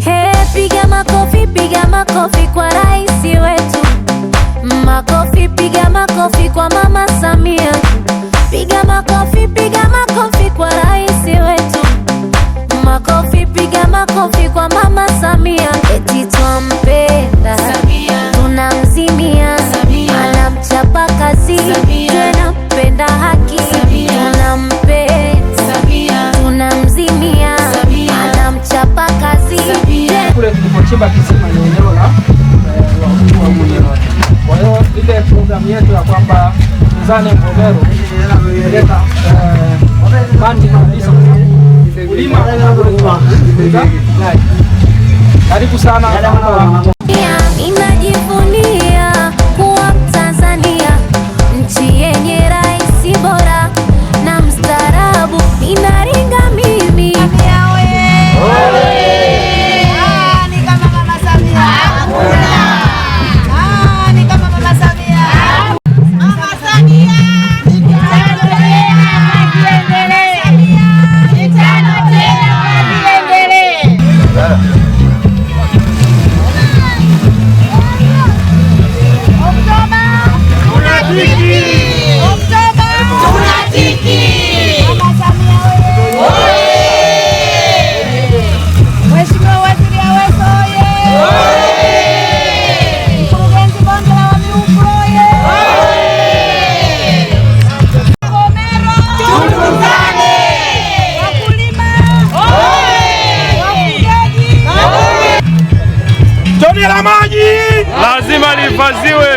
Hey, piga makofi, piga makofi kwa rais wetu. Makofi, piga makofi kwa Mama Samia. kwamba Mzane Mvomero ameleta eh, bandi kabisa kulima. Karibu sana. Sifa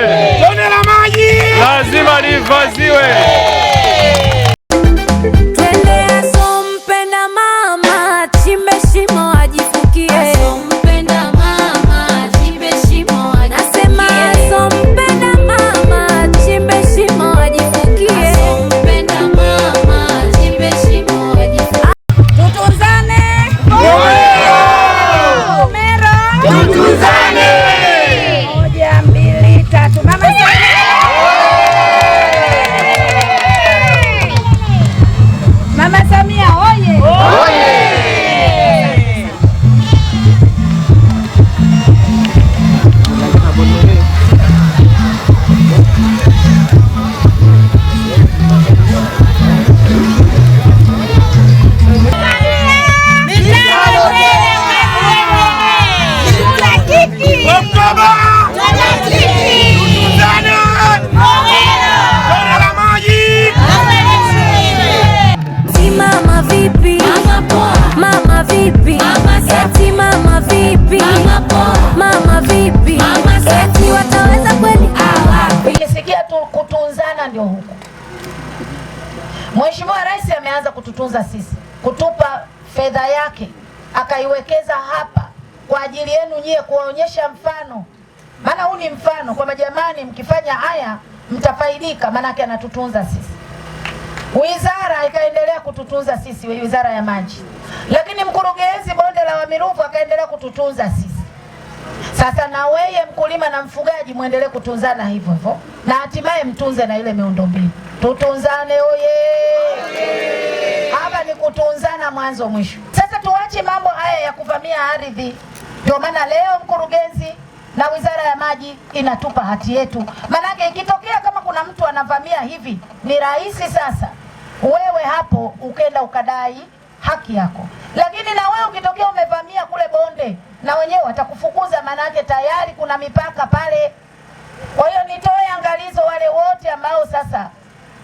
tu kutunzana ndio Mheshimiwa Rais ameanza kututunza sisi, kutupa fedha yake akaiwekeza hapa kwa ajili yenu nyie, kuwaonyesha mfano. Maana huu ni mfano kwamba jamani, mkifanya haya mtafaidika, maanake anatutunza sisi wizara ikaendelea kututunza sisi, wizara ya maji, lakini mkurugenzi bonde la Wamiruvu akaendelea kututunza sisi. Sasa na weye mkulima na mfugaji mwendelee kutunzana hivyo hivyo, na hatimaye mtunze na ile miundombinu, tutunzane oye! Hapa ni kutunzana mwanzo mwisho. Sasa tuache mambo haya ya kuvamia ardhi. Ndio maana leo mkurugenzi na wizara ya maji inatupa hati yetu, maanake ikitokea kama kuna mtu anavamia hivi, ni rahisi sasa wewe hapo ukenda ukadai haki yako, lakini na wewe ukitokea umevamia kule bonde, na wenyewe watakufukuza, yake tayari kuna mipaka pale. Kwa hiyo nitoe angalizo wale wote ambao sasa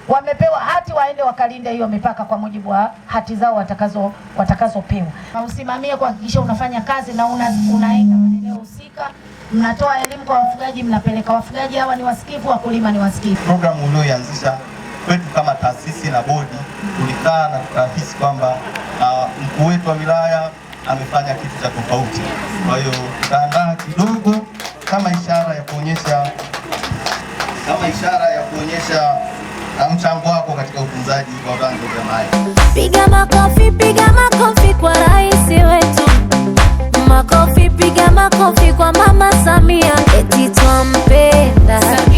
wamepewa hati waende wakalinde hiyo mipaka kwa mujibu wa hati zao watakazo watakazopewa. Usimamie kuhakikisha unafanya kazi na una unaenda maeneo husika, mnatoa elimu kwa wafugaji, mnapeleka wafugaji. Hawa ni wasikivu, wakulima ni wasikivu. Programu unayoanzisha taasisi na bodi tulikaa na tukahisi kwamba ah, mkuu wetu wa wilaya amefanya kitu cha tofauti. Kwa hiyo tutaandaa kidogo kama ishara ya kuonyesha kama ishara ya kuonyesha ah, mchango wako katika utunzaji wa vyanzo vya maji. Piga makofi, piga makofi kwa rais wetu, makofi, piga makofi kwa Mama Samia, eti twampenda.